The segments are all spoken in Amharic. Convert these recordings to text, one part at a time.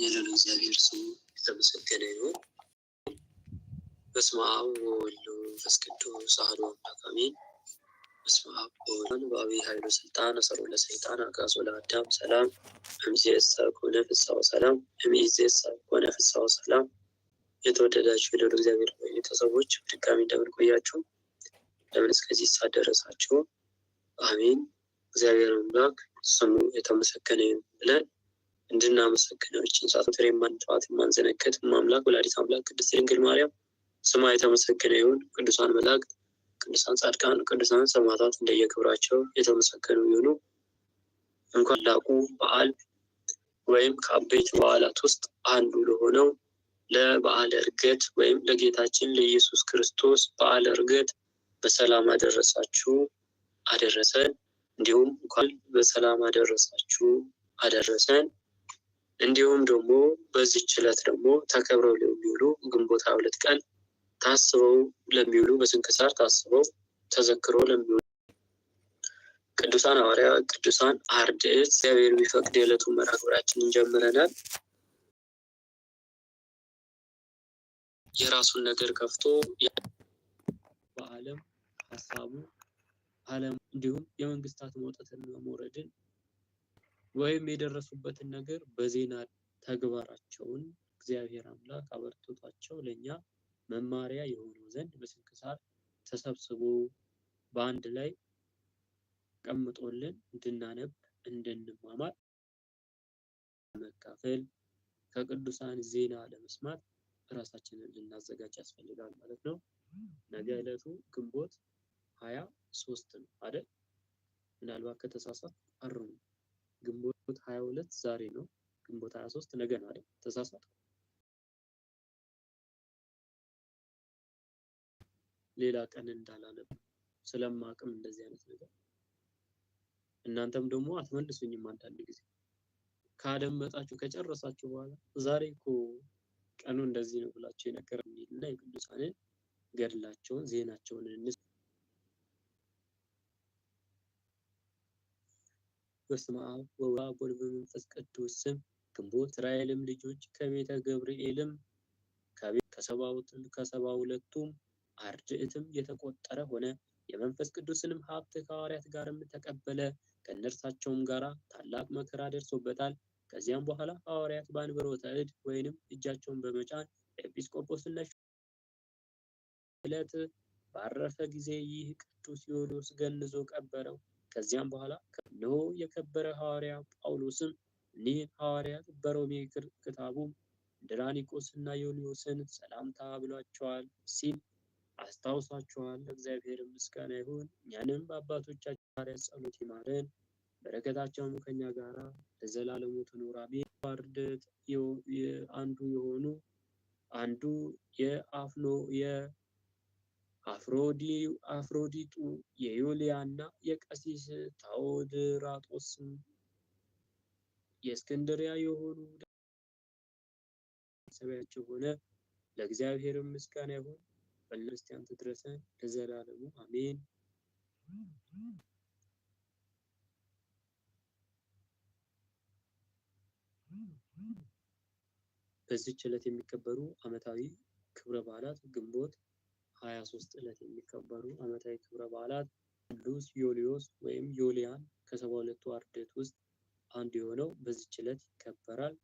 የልዑል እግዚአብሔር ስሙ የተመሰገነ ይሁን። በስመ አብ ወወልድ ወመንፈስ ቅዱስ አሐዱ አምላክ አሜን። በስመ አብ ወወልድ በአብይ ኃይሉ ስልጣን አሰሮ ለሰይጣን አጋዞ ለአዳም ሰላም እምይእዜሰ ኮነ ፍስሐ ወሰላም እምይእዜሰ ኮነ ፍስሐ ሰላም። የተወደዳችሁ የልዑል እግዚአብሔር ቤተሰቦች በድጋሚ እንደምን ቆያችሁ? ለምን እስከዚህ ሰዓት ደረሳችሁ? አሜን። እግዚአብሔር አምላክ ስሙ የተመሰገነ ይሁን ብለን እንድናመሰግነው ይችን ሰዓት ዘወትር የማንተዋት የማንዘነከት አምላክ ወላዲት አምላክ ቅድስት ድንግል ማርያም ስማ የተመሰገነ ይሁን። ቅዱሳን መላእክት፣ ቅዱሳን ጻድቃን፣ ቅዱሳን ሰማዕታት እንደየክብራቸው የተመሰገኑ ይሁኑ። እንኳን ላቁ በዓል ወይም ከአበይት በዓላት ውስጥ አንዱ ለሆነው ለበዓለ እርገት ወይም ለጌታችን ለኢየሱስ ክርስቶስ በዓለ እርገት በሰላም አደረሳችሁ አደረሰን። እንዲሁም እንኳን በሰላም አደረሳችሁ አደረሰን። እንዲሁም ደግሞ በዚች ዕለት ደግሞ ተከብረው ለሚውሉ ግንቦት ሁለት ቀን ታስበው ለሚውሉ በስንክሳር ታስበው ተዘክሮ ለሚውሉ ቅዱሳን ሐዋርያ፣ ቅዱሳን አርድእት እግዚአብሔር ቢፈቅድ የዕለቱ መርሃ ግብራችንን ጀምረናል። የራሱን ነገር ከፍቶ በዓለም ሀሳቡ ዓለም እንዲሁም የመንግስታት መውጠትን መውረድን ወይም የደረሱበትን ነገር በዜና ተግባራቸውን እግዚአብሔር አምላክ አበርትቷቸው ለእኛ መማሪያ የሆኑ ዘንድ በስንክሳር ተሰብስቦ በአንድ ላይ ቀምጦልን እንድናነብ እንድንማማር መካፈል ከቅዱሳን ዜና ለመስማት እራሳችንን ልናዘጋጅ ያስፈልጋል ማለት ነው። ነገ ዕለቱ ግንቦት ሀያ ሶስት ነው አይደል? ምናልባት ከተሳሳት አርሙ። ግንቦት 22 ዛሬ ነው። ግንቦት 23 ነገ ነው አይደል? ተሳሳተ። ሌላ ቀን እንዳላነብ ስለማቅም እንደዚህ አይነት ነገር እናንተም ደግሞ አትመልሱኝም። አንዳንድ ጊዜ ካደመጣችሁ ከጨረሳችሁ በኋላ ዛሬ እኮ ቀኑ እንደዚህ ነው ብላችሁ የነገረ የሚልና የቅዱሳንን ገድላቸውን ዜናቸውን እንስ በስመ አብ ወወልድ በመንፈስ ቅዱስ ስም ግንቦት እስራኤልም ልጆች ከቤተ ገብርኤልም ከሰባ ሁለቱም አርድእትም የተቆጠረ ሆነ። የመንፈስ ቅዱስንም ሀብት ከሐዋርያት ጋርም ተቀበለ። ከእነርሳቸውም ጋር ታላቅ መከራ ደርሶበታል። ከዚያም በኋላ ሐዋርያት በአንብሮተ እድ ወይንም እጃቸውን በመጫን ኤጲስቆጶስነት ዕለት ባረፈ ጊዜ ይህ ቅዱስ ቴዎዶስ ገንዞ ቀበረው። ከዚያም በኋላ ከእነሆ የከበረ ሐዋርያ ጳውሎስም እኒህን ሐዋርያት በሮሜ ክታቡ ድራኒቆስ እና ዮልዮስን ሰላምታ ብሏቸዋል ሲል አስታውሷቸዋል። እግዚአብሔር ምስጋና ይሁን። እኛንም በአባቶቻችን ሐዋርያት ጸሎት ይማረን፣ በረከታቸውም ከኛ ጋር ለዘላለሙ ትኑር አሜን። አንዱ የሆኑ አንዱ የአፍኖ የ አፍሮዲጡ የዩሊያ እና የቀሲስ ታዎድራጦስም የእስክንድሪያ የሆኑ ሰቢያቸው ሆነ። ለእግዚአብሔር ምስጋና ይሁን። በለርስቲያን ተድረሰን ለዘላለሙ አሜን። በዚች ዕለት የሚከበሩ ዓመታዊ ክብረ በዓላት ግንቦት ሶስት ዕለት የሚከበሩ ዓመታዊ ክብረ በዓላት ቅዱስ ዮልዮስ ወይም ዮልያን ከሰባ ሁለቱ አርድእት ውስጥ አንዱ የሆነው በዚች ዕለት ይከበራል።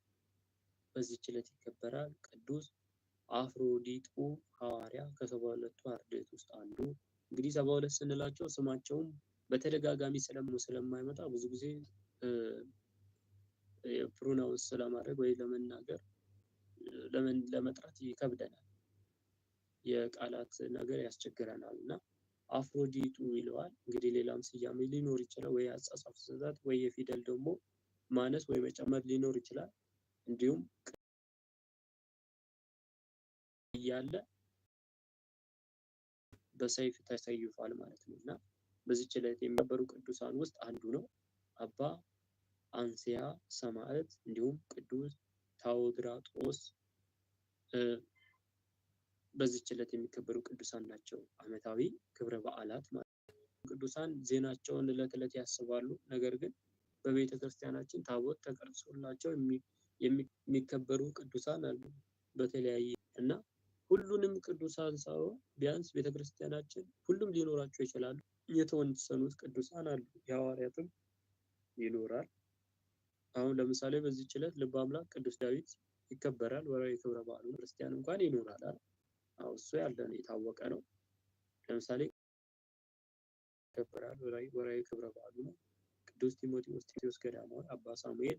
በዚች ዕለት ይከበራል። ቅዱስ አፍሮዲጡ ሐዋርያ ከሰባ ሁለቱ አርድእት ውስጥ አንዱ። እንግዲህ ሰባ ሁለት ስንላቸው ስማቸውም በተደጋጋሚ ስለማይመጣ ብዙ ጊዜ ፕሮናውንስ ስለማድረግ ወይ ለመናገር ለመጥራት ይከብደናል። የቃላት ነገር ያስቸግረናል እና አፍሮዲጡ ይለዋል። እንግዲህ ሌላም ስያሜ ሊኖር ይችላል፣ ወይ አጻጻፍ ስህተት ወይ የፊደል ደግሞ ማነስ ወይ መጨመር ሊኖር ይችላል። እንዲሁም እያለ በሰይፍ ተሰይፏል ማለት ነው እና በዚች ዕለት የሚነበሩ ቅዱሳን ውስጥ አንዱ ነው አባ አንስያ ሰማዕት እንዲሁም ቅዱስ ታውድራጦስ በዚህች ዕለት የሚከበሩ ቅዱሳን ናቸው። ዓመታዊ ክብረ በዓላት ማለት ቅዱሳን ዜናቸውን ዕለት ዕለት ያስባሉ። ነገር ግን በቤተ ክርስቲያናችን ታቦት ተቀርጾላቸው የሚከበሩ ቅዱሳን አሉ በተለያየ እና ሁሉንም ቅዱሳን ሳይሆን ቢያንስ ቤተ ክርስቲያናችን ሁሉም ሊኖራቸው ይችላሉ። የተወሰኑት ቅዱሳን አሉ፣ የሐዋርያትም ይኖራል። አሁን ለምሳሌ በዚች ዕለት ልበ አምላክ ቅዱስ ዳዊት ይከበራል። ወራዊ ክብረ በዓሉ ክርስቲያን እንኳን ይኖራል። እሱ ያለ የታወቀ ነው። ለምሳሌ ይከበራል ወራዊ ክብረ በዓሉ ነው። ቅዱስ ጢሞቴዎስ ጢሞቴዎስ ገዳማዊ፣ አባ ሳሙኤል፣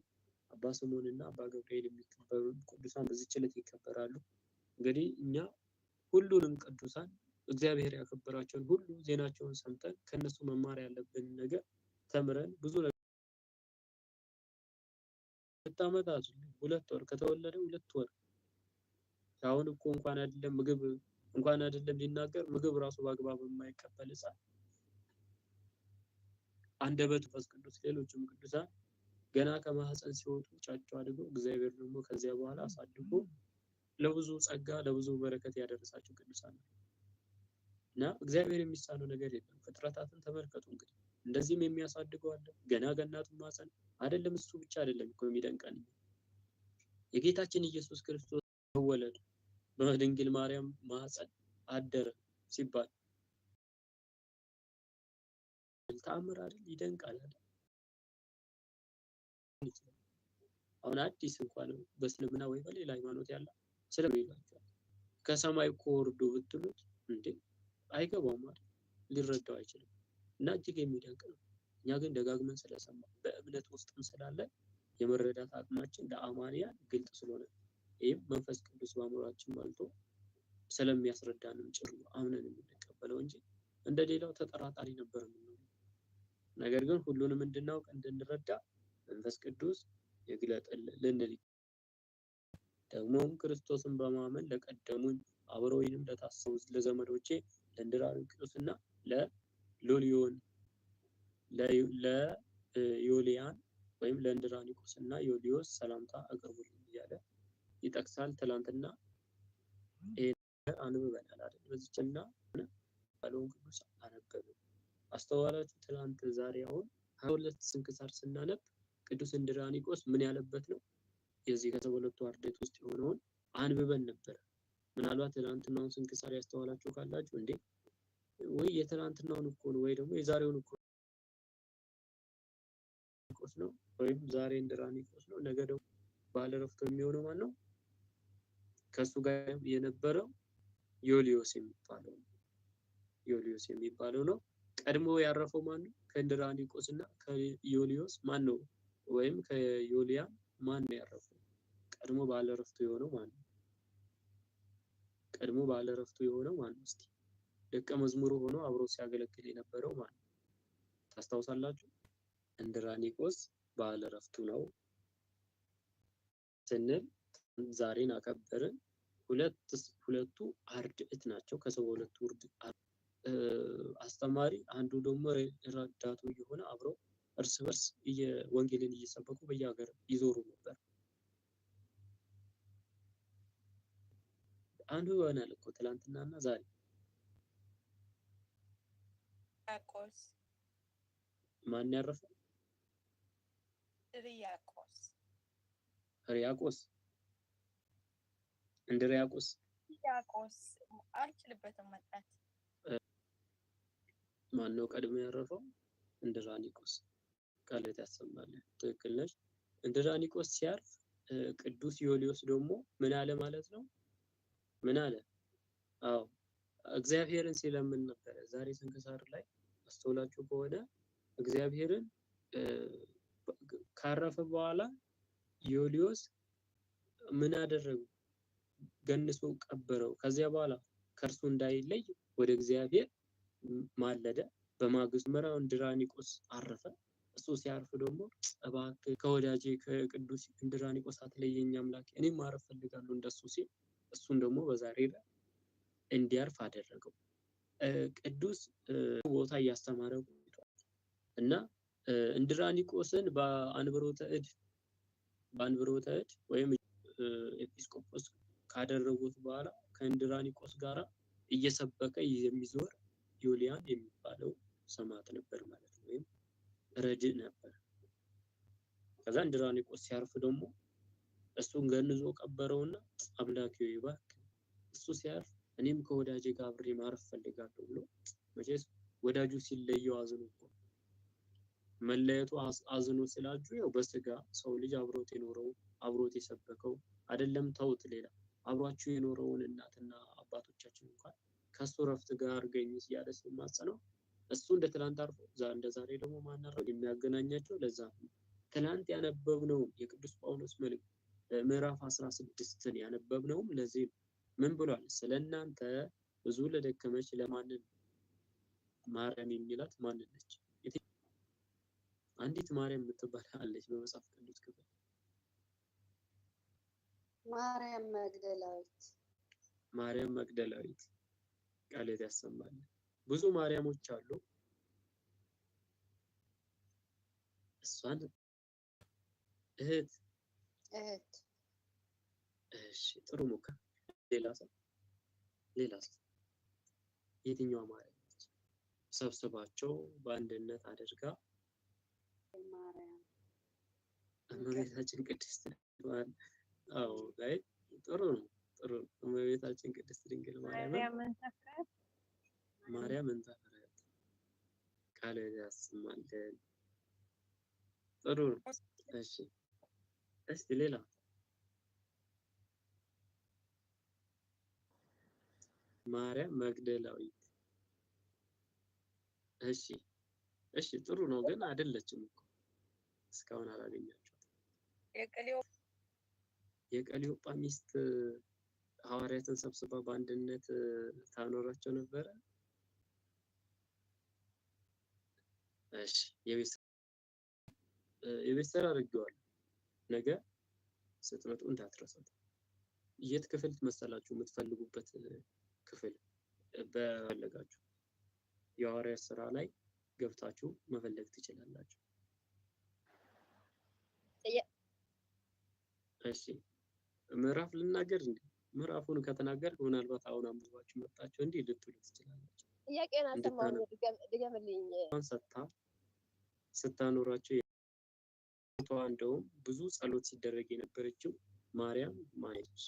አባ ስምዖን እና አባ ገብርኤል የሚከበሩ ቅዱሳን በዚች ዕለት ይከበራሉ። እንግዲህ እኛ ሁሉንም ቅዱሳን እግዚአብሔር ያከበራቸውን ሁሉ ዜናቸውን ሰምተን ከእነሱ መማር ያለብን ነገር ተምረን ብዙ ሁለት ዓመት ሁለት ወር ከተወለደ ሁለት ወር አሁን እኮ እንኳን አይደለም ምግብ እንኳን አይደለም ሊናገር ምግብ ራሱ በአግባብ የማይቀበል ህፃን አንደበቱ መንፈስ ቅዱስ ሌሎችም ቅዱሳን ገና ከማህፀን ሲወጡ ጫቸው አድገው እግዚአብሔር ደግሞ ከዚያ በኋላ አሳድጎ ለብዙ ጸጋ ለብዙ በረከት ያደረሳቸው ቅዱሳን እና እግዚአብሔር የሚሳነው ነገር የለም። ፍጥረታትን ተመልከቱ እንግዲህ እንደዚህም የሚያሳድገው አለ ገና ገናቱ ማህፀን አይደለም። እሱ ብቻ አይደለም እኮ የሚደንቀን የጌታችን ኢየሱስ ክርስቶስ መወለዱ በድንግል ማርያም ማህፀን አደረ ሲባል ተአምር አይደል? ይደንቃል አይደል? አሁን አዲስ እንኳን በእስልምና ወይ በሌላ ሃይማኖት ያለ ስለምን ከሰማይ ኮርዶ ብትሉት እንዴ አይገባውም አይደል? ሊረዳው አይችልም። እና እጅግ የሚደንቅ ነው። እኛ ግን ደጋግመን ስለሰማ በእምነት ውስጥም ስላለ የመረዳት አቅማችን ለአማንያን ግልጽ ስለሆነ ይህም መንፈስ ቅዱስ በአእምሯችን ሞልቶ ስለሚያስረዳንም ጭሩ አምነን የምንቀበለው እንጂ እንደ ሌላው ተጠራጣሪ ነበር የምንሆነው። ነገር ግን ሁሉንም እንድናውቅ እንድንረዳ መንፈስ ቅዱስ ይግለጥልን። ልንል ደግሞም ክርስቶስን በማመን ለቀደሙኝ አብረውኝም ለታሰቡ ለዘመዶቼ ለእንድራቂዮስና ለሎሊዮን ለዮሊያን ወይም ለእንድራኒቆስ እና ዮሊዮስ ሰላምታ አቅርቡልኝ እያለ ይጠቅሳል። ትላንትና ይሄን አንብበናል አይደል? በዚችና ያለውን ቅዱስ አነበብን። አስተዋላችሁ? ትላንት ዛሬ አሁን ሀያ ሁለት ስንክሳር ስናነብ ቅዱስ እንድራኒቆስ ምን ያለበት ነው? የዚህ ከሰባ ሁለቱ አርድእት ውስጥ የሆነውን አንብበን ነበር። ምናልባት ትላንትናውን ስንክሳር ያስተዋላችሁ ካላችሁ እንዴ ወይ የትላንትናውን እኮ ነው ወይ ደግሞ የዛሬውን እኮ ነው ወይም ዛሬ እንድራኒቆስ ነው ነገ ደግሞ ባለረፍቶ የሚሆነው ማን ነው? ከሱ ጋር የነበረው ዮሊዮስ የሚባለው ዮሊዮስ የሚባለው ነው። ቀድሞ ያረፈው ማን ነው? ከእንድራኒቆስ እና ከዮልዮስ ማን ነው? ወይም ከዮሊያን ማን ነው ያረፈው? ቀድሞ ባለረፍቱ የሆነው ማን ነው? ቀድሞ ባለረፍቱ የሆነው ማን ነው? እስቲ ደቀ መዝሙሩ ሆኖ አብሮ ሲያገለግል የነበረው ማን ነው? ታስታውሳላችሁ? እንድራኒቆስ ባለረፍቱ ነው ስንል ዛሬን አከበርን። ሁለት ሁለቱ አርድእት ናቸው። ከሰው ሁለቱ ውርድ አስተማሪ አንዱ ደግሞ ረዳቱ እየሆነ አብረው እርስ በርስ ወንጌልን እየሰበኩ በየሀገር ይዞሩ ነበር። አንዱ ይሆናል እኮ እና ዛሬ ማን ያረፈ? ሪያቆስ ሪያቆስ እንድሪያቆስ ያቆስ አልችልበትም መጣት ማን ነው ቀድሞ ያረፈው? እንድራኒቆስ ቃልት ያሰማለን። ትክክል ነች። እንድራኒቆስ ሲያርፍ ቅዱስ ዮልዮስ ደግሞ ምን አለ ማለት ነው? ምን አለ? አዎ እግዚአብሔርን ሲለምን ነበረ። ዛሬ ስንክሳር ላይ አስተውላችሁ ከሆነ እግዚአብሔርን ካረፈ በኋላ ዮልዮስ ምን አደረገ ገንሶ ቀበረው። ከዚያ በኋላ ከእርሱ እንዳይለይ ወደ እግዚአብሔር ማለደ። በማግስቱ መራው እንድራኒቆስ አረፈ። እሱ ሲያርፍ ደግሞ እባክህ ከወዳጄ ከቅዱስ እንድራኒቆስ አትለየኝ አምላኬ፣ እኔም ማረፍ ፈልጋለሁ እንደሱ ሲል እሱን ደግሞ በዛሬ ላይ እንዲያርፍ አደረገው። ቅዱስ ቦታ እያስተማረ ቆይቷል እና እንድራኒቆስን በአንብሮተ እድ በአንብሮተ እድ ወይም ኤጲስቆጶስ ካደረጉት በኋላ ከእንድራኒቆስ ጋራ እየሰበከ የሚዞር ዩሊያን የሚባለው ሰማዕት ነበር ማለት ነው፣ ወይም ረድእ ነበር። ከዛ እንድራኒቆስ ሲያርፍ ደግሞ እሱን ገንዞ ቀበረውና አምላክ ሆይ እባክህ እሱ ሲያርፍ እኔም ከወዳጄ ጋር አብሬ ማረፍ ፈልጋለሁ ብሎ መቼስ ወዳጁ ሲለየው አዝኖ እኮ መለየቱ አዝኖ ስላጁ ያው በስጋ ሰው ልጅ አብሮት የኖረው አብሮት የሰበከው አይደለም ተውት ሌላ አብሯቸው የኖረውን እናትና አባቶቻችን እንኳን ከእሱ ረፍት ጋር ገኙ እያለ ነው። እሱ እንደ ትላንት አርፎ እንደ ዛሬ ደግሞ ማናረ የሚያገናኛቸው ለዛ ትላንት ያነበብነውም የቅዱስ ጳውሎስ መልእክት ምዕራፍ አስራ ስድስትን ያነበብነውም ለዚህ ምን ብሏል? ስለ እናንተ ብዙ ለደከመች ለማንን ማርያም የሚላት ማንን ነች? አንዲት ማርያም የምትባል አለች በመጽሐፍ ቅዱስ ክፍል ማርያም መግደላዊት ማርያም መግደላዊት ቃሌት ያሰማል። ብዙ ማርያሞች አሉ። እሷን እህት እህት እሺ፣ ጥሩ ሙከራ። ሌላ ሰው ሌላ ሰው የትኛው ማርያም ሰብስባቸው በአንድነት አድርጋ ማርያም እመቤታችን ቅድስት ነው አዎ አይ ጥሩ ነው ጥሩ ነው። እመቤታችን ቅድስት ድንግል ማርያም ማርያም እንታፈራት ቃለ ያስማልን። ጥሩ ነው። እሺ እስቲ ሌላ ማርያም መግደላዊት። እሺ እሺ፣ ጥሩ ነው ግን አይደለችም እኮ እስካሁን አላገኛችሁት። የቀሊዮጳ ሚስት ሐዋርያትን ሰብስባ በአንድነት ታኖራቸው ነበረ። እሺ የቤት ስራ አድርጌዋል። ነገ ስትመጡ እንዳትረሱት። የት ክፍል መሰላችሁ? የምትፈልጉበት ክፍል በፈለጋችሁ የሐዋርያት ስራ ላይ ገብታችሁ መፈለግ ትችላላችሁ። እሺ ምዕራፍ ልናገር እንዲ ምዕራፉን ከተናገር ምናልባት አሁን አንብባችሁ መጣችሁ እንዲህ ልትሉ ትችላላችሁ። ጥያቄን ሰታ ስታኖራቸው እንደውም ብዙ ጸሎት ሲደረግ የነበረችው ማርያም ማየች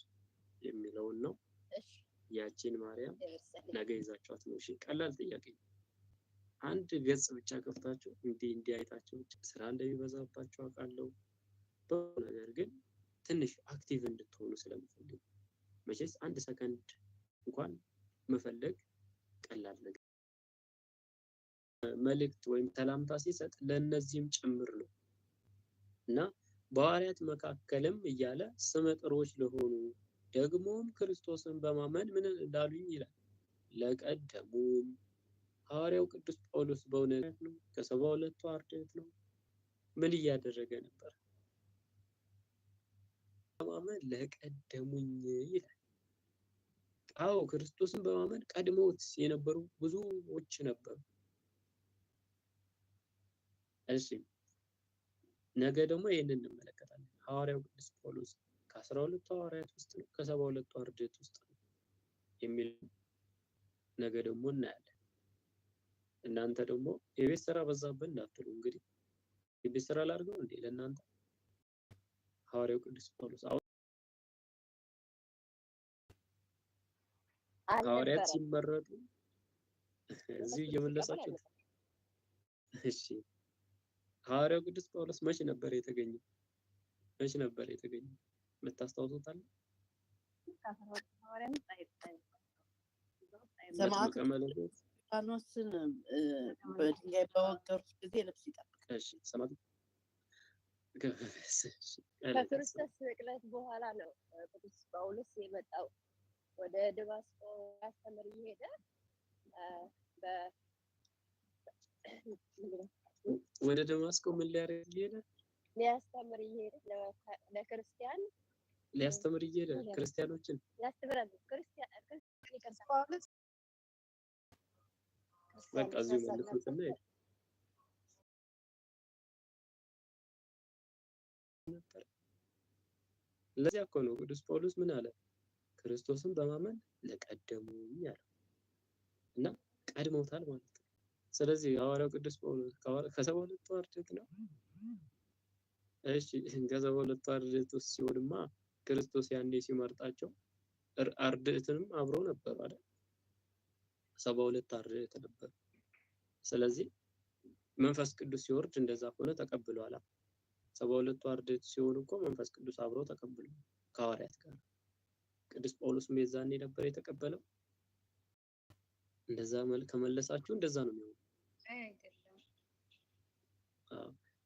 የሚለውን ነው። ያቺን ማርያም ነገ ይዛችኋት ነው። እሺ፣ ቀላል ጥያቄ ነው። አንድ ገጽ ብቻ ከፍታችሁ እንዲህ እንዲህ አይታችሁ ስራ እንደሚበዛባችሁ አውቃለሁ። ነገር ግን ትንሽ አክቲቭ እንድትሆኑ ስለምፈልግ መቼስ አንድ ሰከንድ እንኳን መፈለግ ቀላል ነገር መልእክት ወይም ሰላምታ ሲሰጥ ለእነዚህም ጭምር ነው እና በሐዋርያት መካከልም እያለ ስመ ጥሮች ለሆኑ ደግሞም ክርስቶስን በማመን ምን እንዳሉኝ ይላል ለቀደሙም ሐዋርያው ቅዱስ ጳውሎስ በእውነት ነው ከሰባ ሁለቱ አርድእት ነው ምን እያደረገ ነበር በማመን ለቀደሙኝ ይላል። አዎ ክርስቶስን በማመን ቀድሞት የነበሩ ብዙዎች ነበሩ። እሺ ነገ ደግሞ ይህንን እንመለከታለን። ሐዋርያው ቅዱስ ጳውሎስ ከአስራ ሁለቱ ሐዋርያት ውስጥ ነው፣ ከሰባ ሁለቱ አርድእት ውስጥ ነው የሚል ነገ ደግሞ እናያለን። እናንተ ደግሞ የቤት ስራ በዛብን እንዳትሉ እንግዲህ የቤት ስራ ላድርገው እንዴ ለእናንተ ሐዋርያው ቅዱስ ጳውሎስ ሐዋርያት ሲመረጡ እዚህ እየመለሳችሁ እሺ። ሐዋርያው ቅዱስ ጳውሎስ መቼ ነበር የተገኘው? መቼ ነበር የተገኘው? የምታስታውሱት አለ? በድንጋይ በወገሩት ጊዜ ልብስ ይጠብቃል። ከክርስቶስ ስቅለት በኋላ ነው ቅዱስ ጳውሎስ የመጣው። ወደ ድባስቆ ያስተምር እየሄደ ወደ ደማስቆ ምን ሊያደርግ እየሄደ ሊያስተምር እየሄደ ለክርስቲያን ሊያስተምር እየሄደ ክርስቲያኖችን ያስተምራል። ክርስቲያን በቃ እዚሁ መልኩትና ነበር። ለዚያ እኮ ነው ቅዱስ ጳውሎስ ምን አለ? ክርስቶስን በማመን ለቀደሙ ያለው እና ቀድመውታል ማለት ነው። ስለዚህ ሐዋርያው ቅዱስ ጳውሎስ ከሰባ ሁለቱ አርድእት ነው። እሺ ከሰባ ሁለቱ አርድእት ውስጥ ሲሆንማ ክርስቶስ ያኔ ሲመርጣቸው አርድእትንም አብሮ ነበር አይደል? ሰባ ሁለት አርድእት ነበር። ስለዚህ መንፈስ ቅዱስ ሲወርድ እንደዛ ከሆነ ተቀብሏል። ሰባ ሁለቱ አርድእት ሲሆኑ እኮ መንፈስ ቅዱስ አብሮ ተቀብሏል ከሐዋርያት ጋር ቅዱስ ጳውሎስም የዛኔ ነበር የተቀበለው። እንደዛ ከመለሳችሁ እንደዛ ነው የሚሆነው።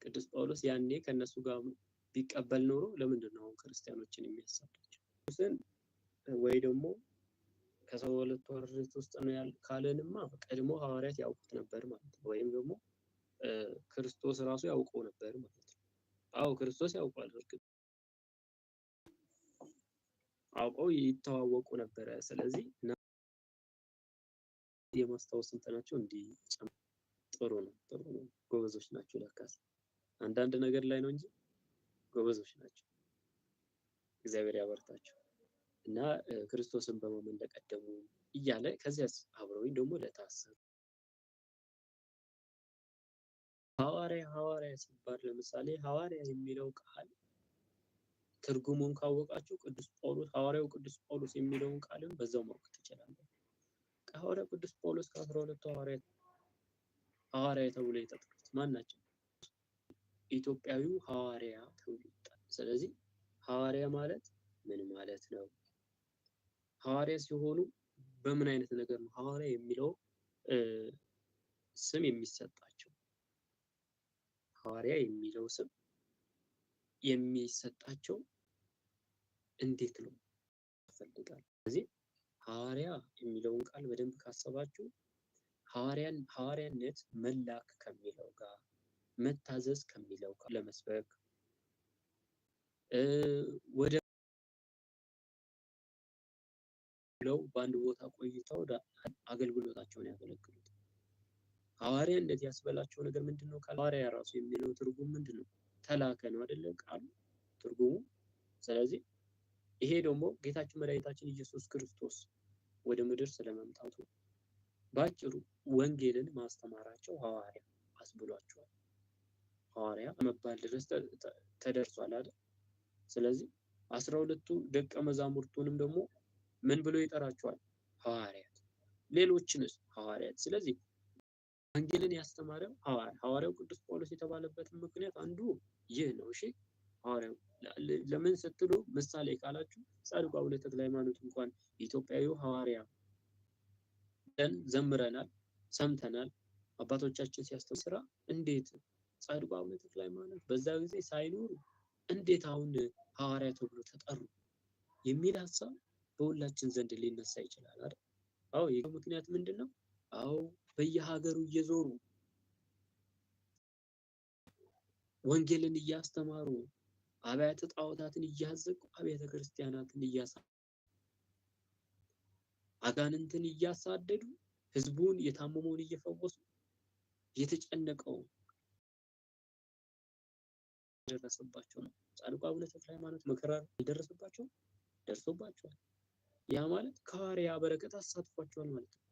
ቅዱስ ጳውሎስ ያኔ ከእነሱ ጋር ቢቀበል ኖሮ ለምንድን ነው አሁን ክርስቲያኖችን የሚያሳዳቸው? ወይ ደግሞ ከሰው ሁለት ወርት ውስጥ ነው ያል ካለንማ ቀድሞ ሐዋርያት ያውቁት ነበር ማለት ነው። ወይም ደግሞ ክርስቶስ ራሱ ያውቀው ነበር ማለት ነው። አዎ ክርስቶስ ያውቋል እርግጥ አውቀው ይተዋወቁ ነበረ። ስለዚህ የማስታወስ ስልጠናቸው እንዲጨምር ጥሩ ነው፣ ጥሩ ነው። ጎበዞች ናቸው። ለካስ አንዳንድ ነገር ላይ ነው እንጂ ጎበዞች ናቸው። እግዚአብሔር ያበርታቸው እና ክርስቶስን በማመን ለቀደሙ እያለ ከዚያ አብረውኝ ደግሞ ለታሰሩ ሐዋርያ ሐዋርያ ሲባል ለምሳሌ ሐዋርያ የሚለው ቃል ትርጉሙን ካወቃችሁ ቅዱስ ጳውሎስ ሐዋርያው ቅዱስ ጳውሎስ የሚለውን ቃልም በዛው ማወቅ ትችላለህ። ከሐዋርያው ቅዱስ ጳውሎስ ከአስራ ሁለቱ ሐዋርያት ሐዋርያ ተብሎ የተጠሩት ማን ናቸው? ኢትዮጵያዊው ሐዋርያ ተብሎ ይጠራል። ስለዚህ ሐዋርያ ማለት ምን ማለት ነው? ሐዋርያ ሲሆኑ በምን አይነት ነገር ነው ሐዋርያ የሚለው ስም የሚሰጣቸው? ሐዋርያ የሚለው ስም የሚሰጣቸው እንዴት ነው ያስፈልጋል። ስለዚህ ሐዋርያ የሚለውን ቃል በደንብ ካሰባችሁ ሐዋርያን ሐዋርያነት መላክ ከሚለው ጋር መታዘዝ ከሚለው ጋር ለመስበክ ወደ ብለው በአንድ ቦታ ቆይተው አገልግሎታቸውን ያገለግሉት ሐዋርያ እንደዚህ ያስበላቸው ነገር ምንድን ነው? ሐዋርያ ራሱ የሚለው ትርጉም ምንድን ነው? ተላከ ነው አይደለ? ቃሉ ትርጉሙ ስለዚህ ይሄ ደግሞ ጌታችን መድኃኒታችን ኢየሱስ ክርስቶስ ወደ ምድር ስለመምጣቱ በአጭሩ ወንጌልን ማስተማራቸው ሐዋርያ አስብሏቸዋል። ሐዋርያ መባል ድረስ ተደርሷል አይደል? ስለዚህ አስራ ሁለቱ ደቀ መዛሙርቱንም ደግሞ ምን ብሎ ይጠራቸዋል? ሐዋርያት። ሌሎችንስ ሐዋርያት። ስለዚህ ወንጌልን ያስተማረ ሐዋርያ ሐዋርያው ቅዱስ ጳውሎስ የተባለበትን ምክንያት አንዱ ይህ ነው። እሺ ሐዋርያው ለምን ስትሉ ምሳሌ ካላችሁ ጻድቁ አቡነ ተክለ ሃይማኖት እንኳን ኢትዮጵያዊ ሐዋርያ ብለን ዘምረናል፣ ሰምተናል። አባቶቻችን ሲያስተምሩ ስራ እንዴት ጻድቁ አቡነ ተክለ ሃይማኖት በዛ ጊዜ ሳይኖሩ እንዴት አሁን ሐዋርያ ተብሎ ተጠሩ የሚል ሀሳብ በሁላችን ዘንድ ሊነሳ ይችላል አይደል? አዎ ይህ ምክንያት ምንድን ነው? አዎ በየሀገሩ እየዞሩ ወንጌልን እያስተማሩ አብያተ ጣዖታትን እያዘቁ አብያተ ክርስቲያናትን እያሳ አጋንንትን እያሳደዱ ህዝቡን የታመመውን እየፈወሱ እየተጨነቀው ደረሰባቸው ነው። ጻድቁ አቡነ ተክለ ሃይማኖት መከራ አልደረሰባቸውም? ደርሶባቸዋል። ያ ማለት ከሐዋርያ በረከት አሳትፏቸዋል ማለት ነው።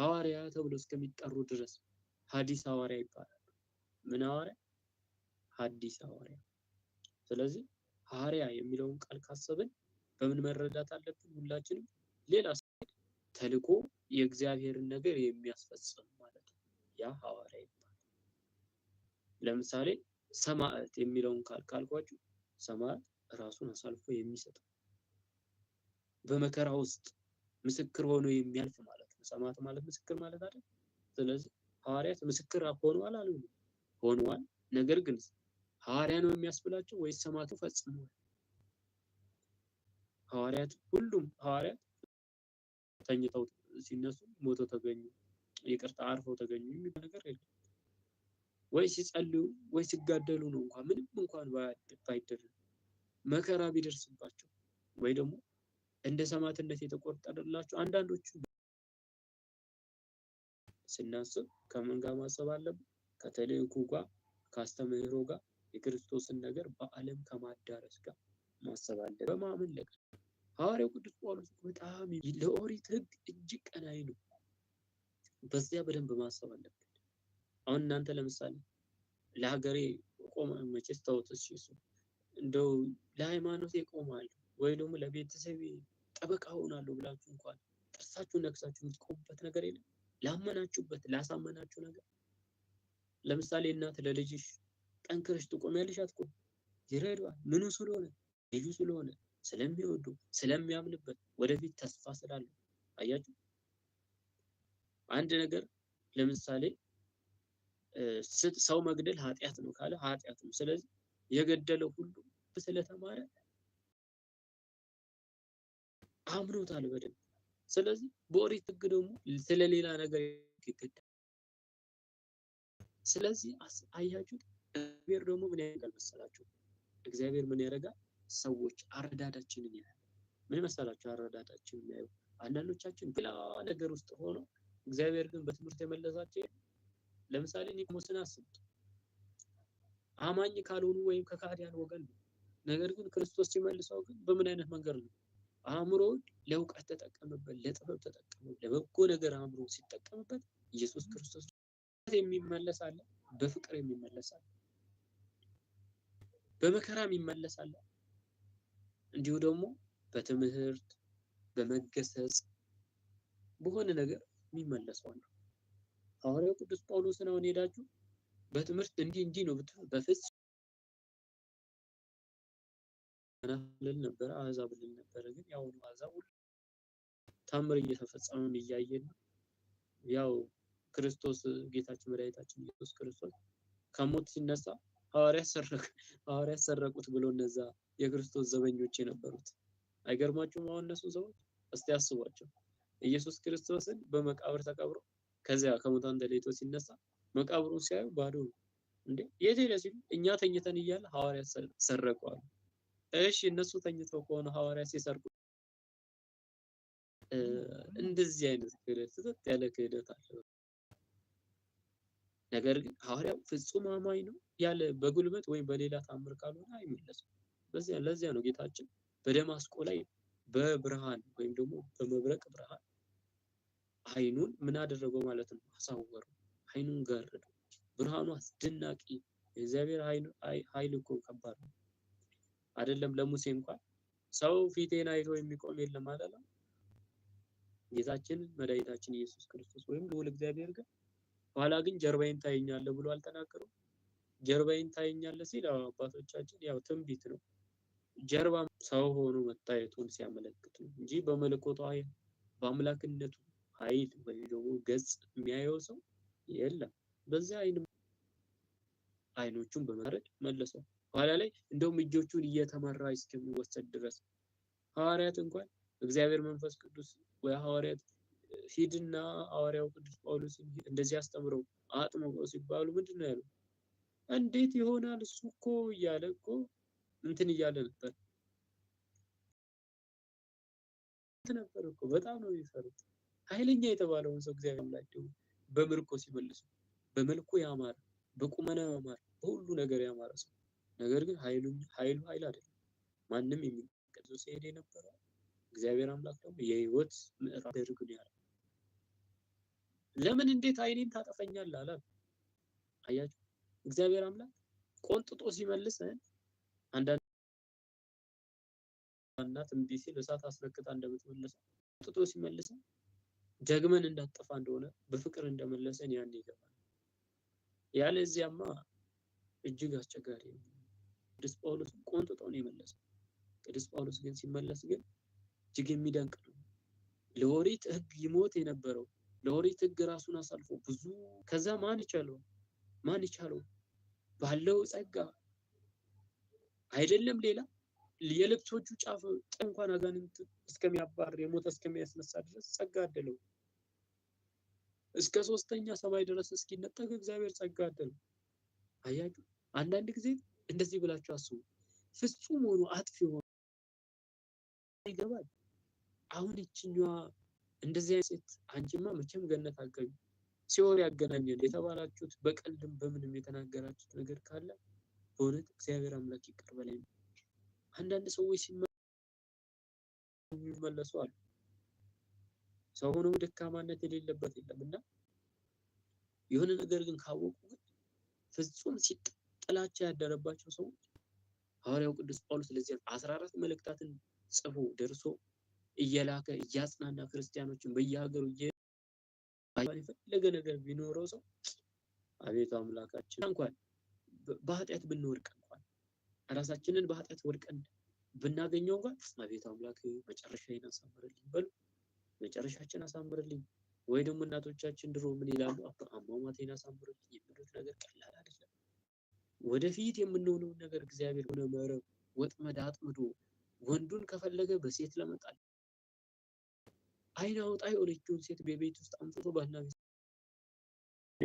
ሐዋርያ ተብሎ እስከሚጠሩ ድረስ ሐዲስ ሐዋርያ ይባላል። ምን ሐዋርያ? ሐዲስ ሐዋርያ ስለዚህ ሐዋርያ የሚለውን ቃል ካሰብን በምን መረዳት አለብን? ሁላችንም ሌላ ሰው ተልኮ የእግዚአብሔርን ነገር የሚያስፈጽም ማለት ነው። ያ ሐዋርያ ይባላል። ለምሳሌ ሰማዕት የሚለውን ቃል ካልኳችሁ ሰማዕት ራሱን አሳልፎ የሚሰጥ በመከራ ውስጥ ምስክር ሆኖ የሚያልፍ ማለት ነው። ሰማዕት ማለት ምስክር ማለት አይደል? ስለዚህ ሐዋርያት ምስክር ሆነዋል አሉ ሆነዋል፣ ነገር ግን ሐዋርያ ነው የሚያስብላቸው ወይስ ሰማዕቱ ፈጽመዋል ሐዋርያት ሁሉም ሐዋርያት ተኝተው ሲነሱ ሞተው ተገኙ፣ ይቅርታ አርፈው ተገኙ የሚባል ነገር የለም። ወይ ሲጸልዩ ወይ ሲጋደሉ ነው እንኳን ምንም እንኳን ባይደረግ መከራ ቢደርስባቸው ወይ ደግሞ እንደ ሰማዕትነት የተቆጠረላቸው አንዳንዶቹ ስናስብ ከምን ጋር ማሰብ አለብን? ከተልእኮ ጋር ከአስተምህሮ ጋር የክርስቶስን ነገር በዓለም ከማዳረስ ጋር ማሰብ አለ። በማመን ለቀ ሐዋርያው ቅዱስ ጳውሎስ በጣም ለኦሪት ሕግ እጅግ ቀናይ ነው። በዚያ በደንብ ማሰብ አለብን። አሁን እናንተ ለምሳሌ ለሀገሬ ቆመ መቼስ ተውት እሱ እንደው ለሃይማኖቴ ቆማለሁ ወይ ደግሞ ለቤተሰቤ ጠበቃ ሆናለሁ ብላችሁ እንኳን ጥርሳችሁን ነክሳችሁ የምትቆሙበት ነገር የለም። ላመናችሁበት ላሳመናችሁ ነገር ለምሳሌ እናት ለልጅሽ ጠንክረሽ ትቆሚያለሽ። አትቆም ይረዷል። ምኑ ስለሆነ ልዩ ስለሆነ ስለሚወዱ ስለሚያምንበት ወደፊት ተስፋ ስላለ አያችሁ። አንድ ነገር ለምሳሌ ሰው መግደል ኃጢአት ነው ካለ ኃጢአት ነው። ስለዚህ የገደለው ሁሉ ስለተማረ አምኖታል በደንብ። ስለዚህ በኦሪት ሕግ ደግሞ ስለሌላ ነገር ይገደል። ስለዚህ አያችሁት እግዚአብሔር ደግሞ ምን ያደርጋል መሰላችሁ? እግዚአብሔር ምን ያደርጋል? ሰዎች አረዳዳችንን ያያል። ምን መሰላችሁ? አረዳዳችንን የሚያዩ አንዳንዶቻችን ሌላ ነገር ውስጥ ሆኖ እግዚአብሔር ግን በትምህርት የመለሳቸው ለምሳሌ ኒቆሞስን አስብ። አማኝ ካልሆኑ ወይም ከካህዲያን ወገን ነው። ነገር ግን ክርስቶስ ሲመልሰው ግን በምን አይነት መንገድ ነው? አእምሮውን ለእውቀት ተጠቀምበት፣ ለጥበብ ተጠቀምበት፣ ለበጎ ነገር አእምሮ ሲጠቀምበት ኢየሱስ ክርስቶስ የሚመለስ አለ፣ በፍቅር የሚመለስ አለ። በመከራም ይመለሳል። እንዲሁ ደግሞ በትምህርት በመገሰጽ በሆነ ነገር የሚመለሰው ነው። ሐዋርያው ቅዱስ ጳውሎስን አሁን ሄዳችሁ በትምህርት እንዲህ እንዲህ ነው ብትሉ በፍጹም ልል ነበር አሕዛብ ልል ነበር። ግን የአሁኑ አሕዛብ ሁሉ ታምር እየተፈጸመን እያየን ያው ክርስቶስ ጌታችን መድኃኒታችን ኢየሱስ ክርስቶስ ከሞት ሲነሳ ሐዋርያት ሰረቁት ብሎ እነዛ የክርስቶስ ዘበኞች የነበሩት አይገርማችሁም? አሁን እነሱ ሰዎች እስቲ አስቧቸው። ኢየሱስ ክርስቶስን በመቃብር ተቀብሮ ከዚያ ከሙታን ተለይቶ ሲነሳ መቃብሩን ሲያዩ ባዶ ነው እንዴ የት ሄደ ሲሉ እኛ ተኝተን እያለ ሐዋርያት ሰረቁ አሉ። እሺ እነሱ ተኝተው ከሆነ ሐዋርያት ሲሰርቁ እንደዚህ አይነት ክህደት፣ ስህተት ያለ ክህደት አለ። ነገር ግን ሐዋርያው ፍጹም አማኝ ነው ያለ በጉልበት ወይም በሌላ ታምር ካልሆነ አይመለስም። በዚያ ለዚያ ነው ጌታችን በደማስቆ ላይ በብርሃን ወይም ደግሞ በመብረቅ ብርሃን አይኑን ምን አደረገው ማለት ነው? አሳወረው። አይኑን ጋረደው። ብርሃኑ አስደናቂ የእግዚአብሔር ኃይል እኮ ከባድ ነው አይደለም? ለሙሴ እንኳን ሰው ፊቴን አይቶ የሚቆም የለም አይደለም? ጌታችን መድኃኒታችን ኢየሱስ ክርስቶስ ወይም ልዑል እግዚአብሔር ጋር ኋላ ግን ጀርባይን ታየኛለህ ብሎ አልተናገረም። ጀርባይን ታየኛለህ ሲል አባቶቻችን ያው ትንቢት ነው። ጀርባ ሰው ሆኖ መታየቱን ሲያመለክት ነው እንጂ በመለኮቱ በአምላክነቱ ኃይል ወይ ደግሞ ገጽ የሚያየው ሰው የለም። በዚያ አይን አይኖቹን በመረድ መለሰው። ኋላ ላይ እንደውም እጆቹን እየተመራ እስከሚወሰድ ድረስ ሐዋርያት እንኳን እግዚአብሔር መንፈስ ቅዱስ ወይ ሐዋርያት ሂድና ሐዋርያው ቅዱስ ጳውሎስ እንደዚህ አስተምረው አጥምቆ ሲባሉ ምንድን ነው ያለው? እንዴት ይሆናል እሱ እኮ እያለ እኮ እንትን እያለ ነበር ነበር እኮ በጣም ነው የሚፈሩት። ኃይለኛ የተባለውን ሰው እግዚአብሔር ላቸው በምርኮ ሲመልሱ በመልኩ ያማረ በቁመና ያማረ በሁሉ ነገር ያማረ ሰው ነገር ግን ኃይሉ ኃይሉ ኃይል አይደለም። ማንም የሚቀድሰው ሲሄድ የነበረ እግዚአብሔር አምላክ ደግሞ የህይወት ምዕራፍ ደርግን ለምን እንዴት አይኔን ታጠፈኛለህ አላል። አያችሁ እግዚአብሔር አምላክ ቆንጥጦ ሲመልሰን አንዳንድ እናት እምቢ ሲል እሳት አስለክታ እንደምትመልሰው ቆንጥጦ ሲመልሰን ደግመን እንዳጠፋ እንደሆነ በፍቅር እንደመለሰን ያን ይገባል። እዚያማ እጅግ አስቸጋሪ ነው። ቅዱስ ጳውሎስ ቆንጥጦ ነው የመለሰው። ቅዱስ ጳውሎስ ግን ሲመለስ ግን እጅግ የሚደንቅ ነው። ለኦሪት ሕግ ይሞት የነበረው ለኦሪት ህግ ራሱን አሳልፎ ብዙ ከዛ ማን ይቻለው ማን ይቻለው ባለው ጸጋ አይደለም ሌላ የልብሶቹ ጫፍ እንኳን አጋንንት እስከሚያባር የሞተ እስከሚያስነሳ ድረስ ጸጋ አደለው። እስከ ሶስተኛ ሰማይ ድረስ እስኪነጠቅ እግዚአብሔር ጸጋ አደለው። አያችሁ፣ አንዳንድ ጊዜ እንደዚህ ብላችሁ አስቡ። ፍጹም ሆኖ አጥፊ ሆኖ ይገባል። አሁን ይችኛዋ እንደዚህ አይነት ሴት አንቺማ መቼም ገነት አገኙ ሲሆን ያገናኘን የተባላችሁት በቀልድም በምንም የተናገራችሁት ነገር ካለ በእውነት እግዚአብሔር አምላክ ይቅር በላይ። ነው አንዳንድ ሰዎች ሲመለሱ አሉ። ሰው ሆኖ ደካማነት የሌለበት የለም እና የሆነ ነገር ግን ካወቁ ፍጹም ሲጥላቸው ያደረባቸው ሰዎች ሐዋርያው ቅዱስ ጳውሎስ ለዚህ አስራ አራት መልእክታትን ጽፎ ደርሶ እየላከ እያጽናና ክርስቲያኖችን በየሀገሩ የፈለገ ነገር ቢኖረው ሰው አቤቱ አምላካችን እንኳን በኃጢአት ብንወድቅ እንኳን ራሳችንን በኃጢአት ወድቀን ብናገኘው እንኳን አቤቱ አምላክ መጨረሻዬን አሳምርልኝ በሉ። መጨረሻችን አሳምርልኝ። ወይ ደግሞ እናቶቻችን ድሮ ምን ይላሉ? አሟሟቴን አሳምርልኝ የሚሉት ነገር ቀላል አይደለም። ወደፊት የምንሆነውን ነገር እግዚአብሔር ሆነ መረብ ወጥመድ አጥምዶ ወንዱን ከፈለገ በሴት ለመጣል አይን አውጣ የሆነችውን ሴት በቤት ውስጥ አምጥቶ ባና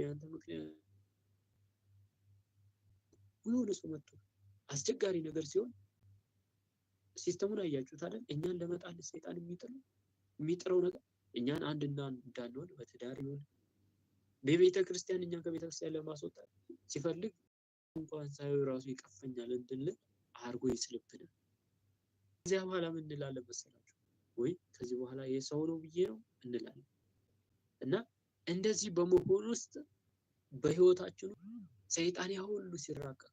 ያንተ ምክንያት ሁሉ ወደ እሱ መጥቶ አስቸጋሪ ነገር ሲሆን ሲስተሙን አያችሁት አይደል? እኛን ለመጣል ሰይጣን የሚጥሉ የሚጥረው ነገር እኛን አንድና እንዳንሆን በትዳር ይሆን በቤተ ክርስቲያን እኛ ከቤተ ክርስቲያን ለማስወጣት ሲፈልግ እንኳን ሳይሆን ራሱ ይቀፈኛል እንድንል አርጎ ይስልብናል። እዚያ በኋላ ምን እንላለን መሰለህ ወይ ከዚህ በኋላ የሰው ነው ብዬ ነው እንላለን እና እንደዚህ በመሆን ውስጥ በህይወታችን ሰይጣን ያ ሁሉ ሲራቀቅ